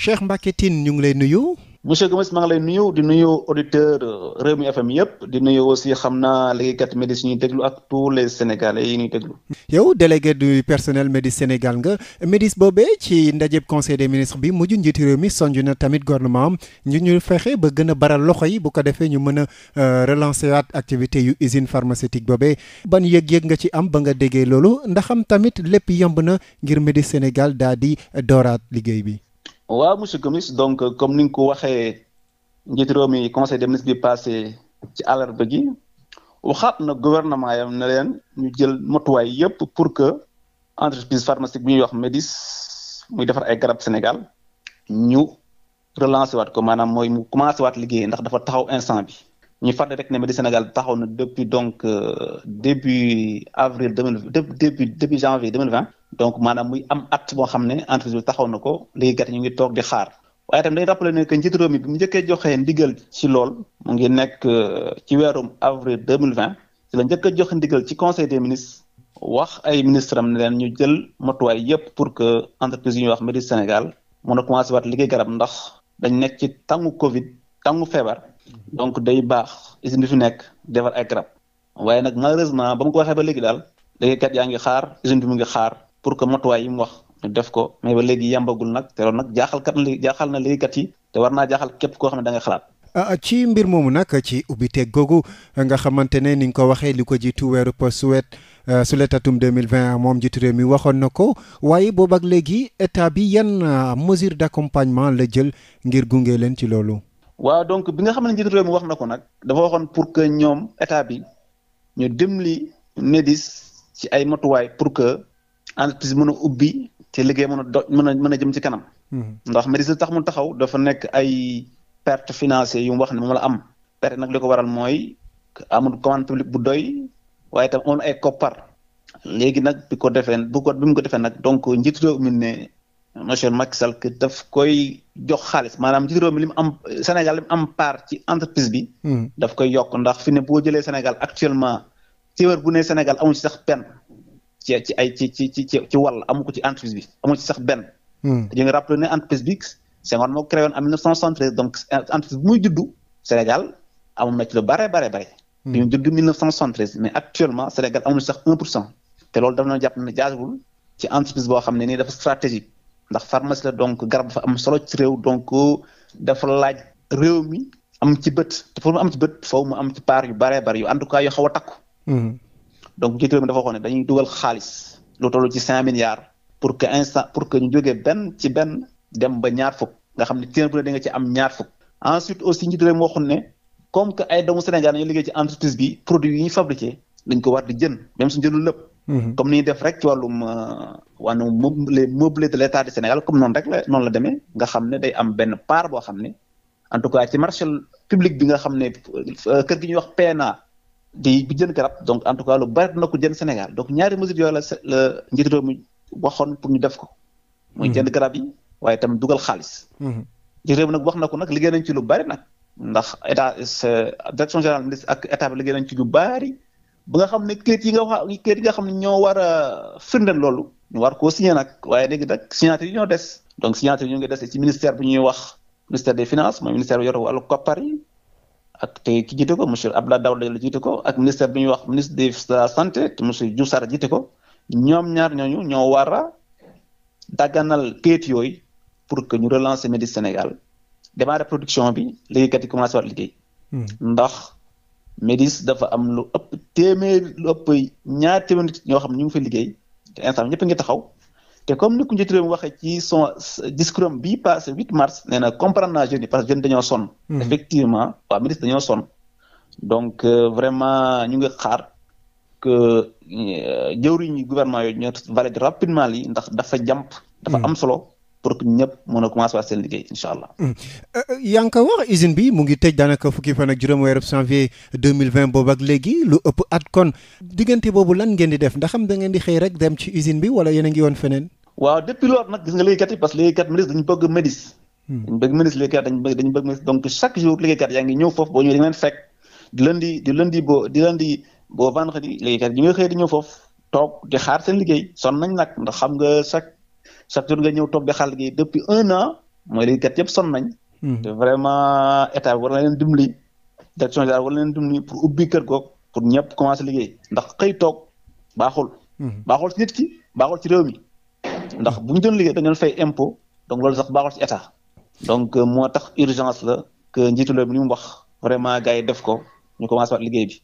Cheikh Mbacké Tine ñu ngi lay nuyu. monsieur Gomis maa ngi lay nuyu di nuyu auditeur Rewmi FM yëpp di nuyu aussi xam naa liggéeykat Médis ñuy déglu ak tous les sénégalais yi ñuy déglu. yow délégué du personnel Médis Sénégal nga Médis boobe ci ndajeb conseil des ministre bi mujj njiiti réew mi sonj na tamit gouvernement am ñu ñu fexe ba gën a baral loxo yi bu ko defee ñu mën a euh, relancer waat activité yu usine pharmaceutique boobee ban yëg-yëg nga ci am ba nga déggee loolu ndax am tamit lépp yemb na ngir Médis Sénégal daa di euh, dooraat liggéey bi. waaw monsieur Gomis donc euh, comme ni nga ko waxee njiitu réew mi conseil des ministres bi passé ci àllarba gi waxaat na gouvernement yam ne leen ñu jël motuwaay yépp pour que entreprise pharmaceutique bi ñuy wax Médis muy defar ay garab Sénégal ñu relancer waat ko maanaam mooy mu commencé waat liggéey ndax dafa taxaw instant bi ñu fàttali rek ne Medi Sénégal taxaw na depuis donc euh, début avril deux mille début début janvier deux mille vingt donc maanaam muy am at boo xam ne entreprise bi taxaw na ko liggéeykat yi ñu ngi toog di xaar waaye itam day rappelé ne que njiitu mu njëkkee joxee ndigal ci lool mu ngi nekk euh, ci weerum avril deux mille vingt ci la njëkk a joxe ndigal ci conseil des ministre wax ay ministre am ne leen ñu jël motuwaay yépp pour que entreprise yu ñuy wax Medi Sénégal moo na commencé waat liggéey garab ndax dañ nekk ci tàngu Covid tàngu feebar. donc day baax usine bi fi nekk defar ay waaye nag malheureusement ba mu waxee ba léegi daal liggéeykat yaa ngi xaar usine bi mu xaar pour que matuwaay yi mu wax ñu def ko mais ba léegi yàmbagul nag te loolu nag jaaxal kat li jaaxal na liggéeykat yi te war naa jaaxal képp koo xam ne da nga xalaat. Ah, ah, ci mbir moomu nag ci ubbi teg googu nga xamante ne ni nga ko waxee li ko jiitu weeru suwet sulet euh, atum 2020 moom jiitu réew mi waxoon na ko waaye boobu ak léegi état bi yan euh, mesure d'accompagnement la jël ngir gunge leen ci loolu. waaw donc bi nga xam ne njiitu réew wax na ko nag dafa waxoon pour que ñoom état bi ñu dimbali Nedis ci ay matuwaay pour que entreprise mën a ubbi te liggéey mën a do mën a mën a jëm ci kanam. Mm-hmm. ndax Nedis li tax mu taxaw dafa nekk ay perte financière yu mu wax ne moom la am. perte nag li ko waral mooy amul commande publique bu doy waaye tam on ay koppar léegi nag bi ko defee bu ko bi mu ko defee nag donc njiitu réew mi ne. monsieur Macky Sall daf koy jox xaalis maanaam ci réew mi li mu am Sénégal li mu am part ci entreprise bi. Hmm. daf koy yokk ndax fi ne boo jëlee Sénégal actuellement téeméer bu ne Sénégal amul ci sax benn ci ci ay ci ci ci ci wàll amu ko ci entreprise bi amul ci sax benn. dañu hmm. ngi rappelé ne entreprise bi Senghor moo créé woon en 1973 donc entreprise bu muy juddu Sénégal amoon na ci lu bare bare bare. Hmm. bi ñu juddu 1973 mais actuellement amul sax 1 pour cent te loolu daf na jàpp na jaajëful ci entreprise boo xam ne nii dafa stratégique. ndax pharmacie la donc garab fa am solo ci réew donc dafa laaj réew mi am ci bët te pour am ci bët foofu mu am ci paar yu baree bari yu en tout cas yoo xaw a takku. Mm-hmm. donc jiitu réew mi dafa waxoon ne dañuy dugal xaalis lu toll ci cinq milliards pour que instant pour que ñu jógee benn ci benn dem ba ñaar fukk nga xam ne téeméer bu ne da nga ci am ñaar fukk. ensuite aussi njiitu réew mi waxoon ne comme que ay doomu Sénégal dañoo liggéey ci entreprise bi produit yi ñu fabriqué dañ ko war jën même suñu jëndul lépp. Mhm. comme ni def rek ci wàllum euh, wàllu les meublés de l'état du Sénégal comme noonu rek la noonu la demee nga xam ne day am benn paar boo xam ne en tout cas ci marché publique bi nga xam ne euh, kër gi ñuy wax PNA di jën garab donc en tout cas lu bari na ko jënd Sénégal donc ñaari mesures yooyu la la njiit réew mi waxoon pour ñu def ko. muy mhm. jënd garab yi waaye itam dugal xaalis. Mhm. njiit réew nag wax na ko nag liggéey nañ ci lu bari nag. ndax état direction générale ministre ak état bi liggéey nañ ci lu bari. ba nga xam ne këyit yi nga wax këyit yi nga xam ne ñoo war a firndeel loolu ñu war koo signé nag waaye léegi nag signature yi ñoo des donc signature yi ñu ngi des ci ministère bi ñuy wax ministère des finances mooy ministère bi yor wàllu koppar yi ak tey ki jiite ko monsieur Abdoulaye Daouda Diallo jiite ko ak ministère bi ñuy wax ministre de la santé te monsieur Diouf Sarr jiite ko ñoom ñaar ñooñu ñoo war a dagganal këyit yooyu pour que ñu relancer Médis Sénégal démarrer production bi liggéeykat yi commencé war liggéey. Hmm. ndax MEDIS dafa am lu ëpp téeméer lu ëpp ñaar téeméer nit ñoo xam ne ñu ngi fa liggéey te instant ñëpp ngi taxaw te comme ni ku njiit réew mi waxee ci son discours bii passé 8 mars nee na comprendre naa jeunes yi parce que jeunes dañoo sonn. Hmm. effectivement waa MEDIS dañoo sonn donc euh, vraiment ñu ngi xaar que euh, jëwriñu gouvernement yooyu ñoo valide rapidement lii ndax dafa jàmp. dafa hmm. am solo. pour que ñëpp mën a commencé waat liggéey incha allah. Hmm. Euh, yaa ngi ko wax usine bi mu ngi tëj daanaka fukki fan juróom weeru janvier 2020 boobu lu ëpp at kon diggante boobu lan ngeen di def ndax xam da ngeen di xëy rek dem bi wala yéen ngi woon feneen. waaw depuis loolu nag gis nga liggéeykat yi parce que liggéeykat ministre dañu bëgg médis. Hmm. dañu bëgg médis liggéeykat dañu bëgg foofu boo ñëwee dañu leen fekk di lundi xam nga chaque chaque jour nga ñëw toog di xal gi depuis un an mooy liggéeykat yëpp sonn nañ. Hmm. te vraiment état bi war na leen dimbali direction générale war na leen dimbali pour ubbi kër goog pour ñëpp commencé liggéey ndax xëy toog baaxul. Hmm. baaxul si nit ki baaxul ci réew mi ndax bu ñu doon liggéey da leen fay impo donc loolu sax baaxul ci état donc euh, moo tax urgence la que njiitu réew mi ni mu wax vraiment gars yi def ko ñu commencé waat liggéey bi.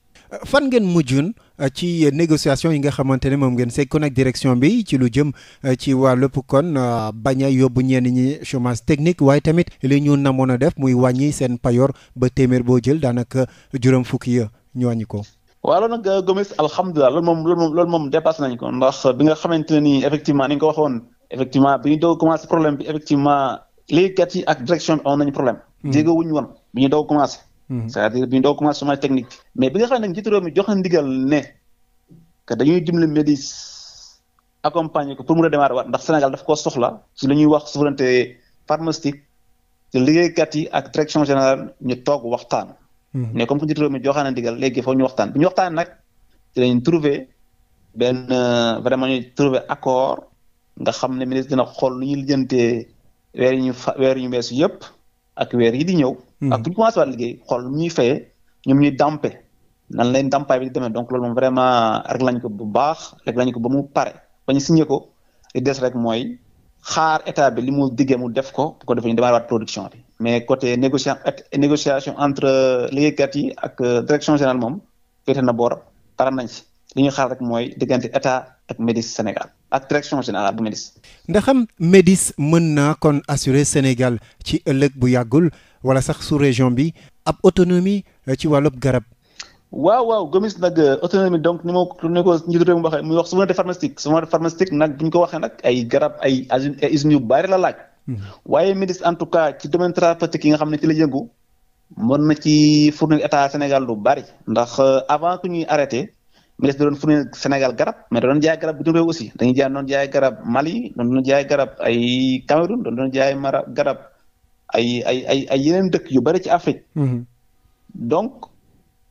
fan ngeen mujjun euh, ci négociation yi nga xamante ne moom ngeen sekkoon ak direction bi ci lu jëm euh, ci wàllub kon euh, bañ a yóbbu ñenn ñi chômage technique waaye tamit li ñu namoon a def muy wàññi seen payoor ba téeméer boo jël daanaka juróom fukki ya ñu wàññi ko. waaw nag Gomis alhamdulilah loolu moom loolu moom loolu moom dépassé nañ ko ndax bi nga xamante ne nii effectivement ni nga ko waxoon effectivement bi ñu doog commencé problème bi effectivement liggéeykat yi ak direction bi amoon problème. Hmm. jéego woon bi ñu doog commencé. Mhm. c'est-à-dire bi ñu doog technique mais bi nga xam ne njiitu réew mi jox na ndigal ne que dañuy dimbali MEDIS accompagner ko pour mu redémarrer waat ndax Sénégal daf koo soxla si lu ñuy wax souveraineté pharmaceutique te liggéeykat yi ak direction générale ñu toog waxtaan. Mhm. mais comme que mi joxaan na ndigal léegi foofu ñu waxtaan bi ñu waxtaan nag ci lañu trouver benn euh, vraiment ñu trouver accord nga xam ne ministre dina xool lu ñuy lijjantee weer ñu fa ñu bees yëpp. ak weer yi di ñëw. Hmm. ak bu ñu commencé waat liggéey xool nu ñuy fayee ñoom ñuy dampe nan leen dampaay bi di demee donc lool moom vraiment rek lañ ko bu baax rek lañ ko ba mu pare bañ ñu signé ko des rek mooy xaar état bi li mu diggee mu def ko bu ko defee ñu démarrer waat production bi. mais côté négocia négociation entre liggéeykat yi ak direction générale moom féete na boor pare nañ si li ñu xaar rek mooy diggante état ak Médis Sénégal. ak direction générale bu MEDIS. ndaxam MEDIS mën na kon assurer Sénégal ci ëllëg bu yàggul wala sax sous région bi ab autonomie euh, ci wàllub garab. waaw waaw Gomis nag euh, autonomie donc ni ma ni ko njiitu mu mi waxee muy wax souveraineté pharmaceutique souveraineté pharmaceutique nag bu ñu ko waxee nag ay garab ay ay usines yu bari la laaj. Hmm. waaye MEDIS en tout cas ci domaine thérapeutique yi nga xam ne ci la yëngu. mën na ci fournir état Sénégal lu bari. ndax euh, avant que ñuy arrêté. ministre da doon fournir Sénégal garab mais da doon jaay garab bitim réew aussi jaay doon jaay garab Mali doon doon jaay garab ay Cameroun doon doon jaay mara garab ay ay ay yeneen dëkk yu bëri ci Afrique. Mm-hmm. donc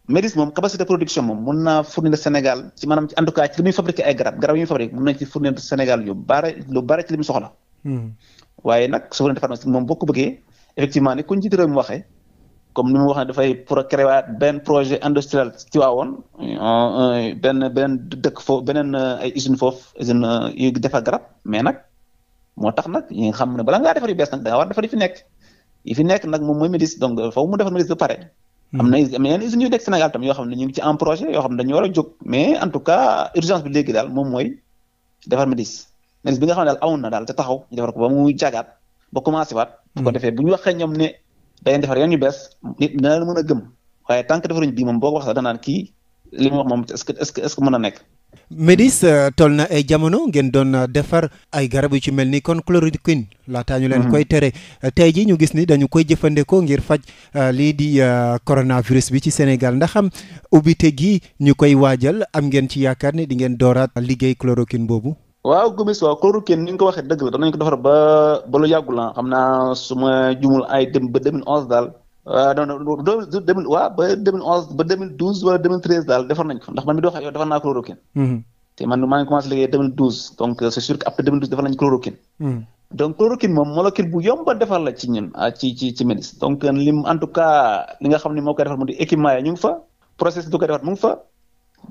Médis moom capacité production moom mun naa fournir Sénégal ci maanaam en tout cas ci li muy ay garab garab yi muy fabriqué mun nañ ci fournir Sénégal yu bare ci li mu soxla. Mm-hmm. waaye nag souveraineté pharmaceutique moom boo ko bëggee effectivement ni ku njiit réew mi waxee. comme ni mu wax ne dafay pour créer benn projet industriel ci waawoon euh, euh, benn beneen dëkk foofu euh, ay usine foofu usine yu defar garab mais nag moo tax nag yi nga xam ne bala ngaa defar yu bees nag da nga war defar yi fi nekk yi fi nekk nag moom mooy MEDIS donc foofu mu defar MEDIS ba pare. Hmm. am na tam yoo xam ne ñu ngi ci en projet xam ne dañu a jóg mais en tout daal moom mooy defar MEDIS MEDIS bi nga xam ne daal na daal te taxaw ñu defar ko ba mu jagaat ba commencé waat. bu ko hmm. defee bu ñu waxee ñoom ne. da ngeen defar yan yu bees nit dina la mën a gëm waaye tant que defaruñ moom boo ko wax sax danaan kii li moom est que est-ce que mën a nekk. Médis euh, tool na ay jamono ngeen doon euh, defar ay garab yu ci mel ni kon chloroquine. laataa ñu leen mhm. koy tere. Euh, tey jii ñu gis ni dañu koy jëfandikoo ngir faj lii di coronavirus bi ci Sénégal ndax am ubbite gi ñu koy waajal am ngeen ci yaakaar ne di ngeen dooraat liggéey chloroquine boobu. waaw Gomis waaw chloroquine ni nga ko waxee dëgg la danañ ko defar ba ba lu ah. xam naa su jumul ay dem ba 2011 daal ah, non non deux mille waaw ba 2011 ba 2012 wala 2013 daal defar nañ ko ndax man mi di wax ak yow defar mm-hmm. euh, nañ chloroquine. Mm-hmm. donc moom molécule bu yomb a defar la ci ñun ah, ci ci ci ministre donc euh, lim en tout cas li nga xam ne moo koy defar mu di équipement ya ñu ngi fa processus bu koy defar mu fa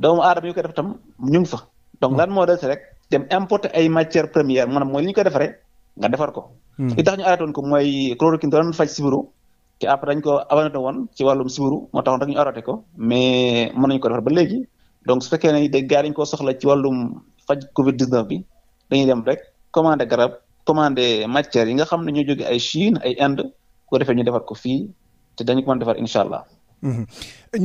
doomu aadama yu koy defar tam ñu fa donc mm-hmm. lan moo des rek. dem importé ay matières premières maanaam mooy li ñu koy defaree nga defar ko. Hmm. i tax ñu arrêté woon ko mooy chloroquine da doon faj sibiru te après dañ ko abandonné woon ci wàllum sibiru moo taxoon rek ñu ko mais mën nañu ko defar ba léegi donc su fekkee ne gars dañu koo soxla ci wàllum faj Covid 19 bi dañuy dem rek commandé garab commandé matières yi nga xam ne ñoo jóge ay Chine ay Inde ko defee ñu defar ko fii te dañu ko mën defar incha allah. Mhm.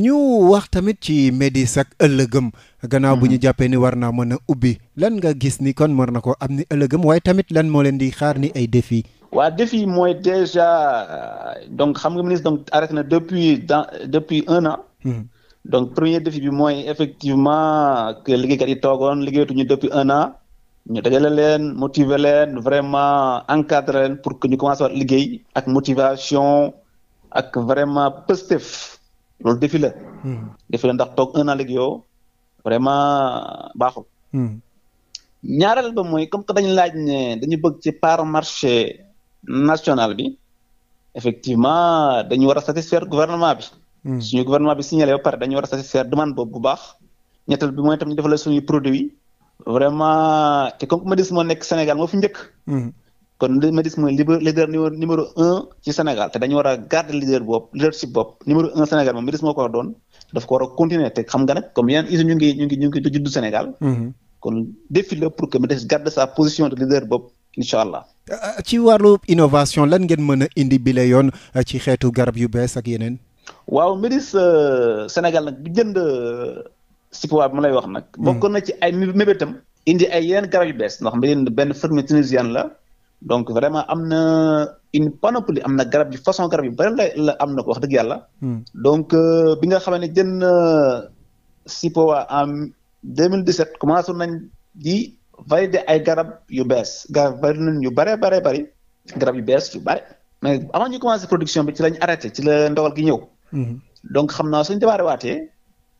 ñu wax tamit ci Médis ak ëllëgëm. gannaaw bu ñu mhm. jàppee ni war naa mën a ubbi lan nga gis ni kon war na ko am ni ëllëgëm waaye tamit lan moo leen di xaar ni ay défi waa défi mooy déjà donc xam nga ministre donc arrêté na depuis dans depuis un an. Mhm. donc premier défi bi mooy effectivement que liggéeykat yi toogoon liggéeyatuñu depuis un an. ñu dajale leen motiver leen vraiment encadre leen pour que ñu commencé liggéey ak motivation ak vraiment positif loolu défi la. Hmm. défi la ndax toog un an léegi yow vraiment baaxul. Hmm. ñaareel ba mooy comme que dañu laaj ne dañu bëgg ci par marché national bi effectivement dañu war a satisfaire gouvernement bi. Hmm. suñu gouvernement bi signalé ba pare dañu war a satisfaire demande boobu bu baax. ñetteel bi mooy tam ñu defal suñuy produit vraiment te comme que moo nekk Sénégal moo fi njëkk. kon li ma gis mooy leader numéro un ci Sénégal te dañu war a garder leader bopp leadership bopp numéro un Sénégal moom ma gis moo ko doon daf ko war continuer te xam nga nag comme yeneen ngi ngi ñu ngi juddu Sénégal. Mm-hmm. kon défi la pour que sa position de leader bopp incha allah. Euh, ci wàllu innovation lan ngeen mën a indi bile yoon euh, ci xeetu garab yu bees ak yeneen. waaw Médis euh, Sénégal nag bi jënd Sikoa bi lay wax nag. Mm. bokk na ci ay mébétam indi ay yeneen garab yu bees ndax mbir benn firme tunisienne la. donc vraiment am na une panoplie am na garab yu façon garab yu bari la am na wax dëgg yàlla. Hmm. donc euh, bi nga xam ne jën euh, SIPOA en 2017 commencé nañ di de ay garab yu bees garab bari nañ yu bare bare bari garab yu bees yu bari mais avant ñu commencé production bi ci lañ arrêté ci la ndogal gi ñëw. Hmm. donc xam naa suñ démarré waatee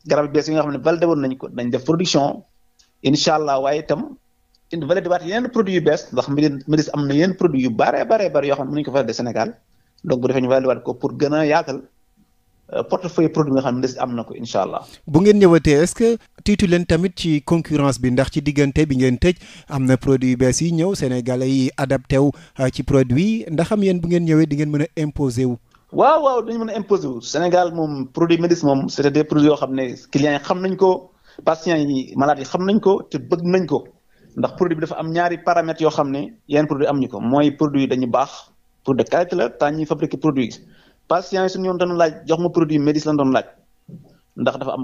garab yu bees yi nga xam ne validé woon nañ ko nañ def production incha allah waaye tam indi valeur waat yeneen produit yu bees ndax Médis am na yeneen produit yu bare bare bare yoo xam ne mënuñu ko validé Sénégal donc bu ko pour gën a yaatal euh, portefeuille produit nga xam ne Médis am na ko incha allah. bu ngeen ñëwatee est-ce que tiitu leen tamit ci concurrence bi ndax ci diggante bi ngeen tëj am na produit yu bees yi ñëw sénégal yi adapté wu euh, ci produit yi ndaxam yéen bu ngeen ñëwee di ngeen mën a imposer wu. waaw waaw dañu mën a imposer wu Sénégal moom produit Médis moom c'est des produits yoo xam ne clients xam nañ ko patients yi malades yi xam nañ ko te bëgg nañ ko ndax produit bi dafa am ñaari paramètres yoo xam ne yenn produit am ñu ko mooy produit dañu baax pour de qualité la temps ñuy fabriqué produit patient yi suñu laaj jox ma produit Médis la doon laaj ndax dafa am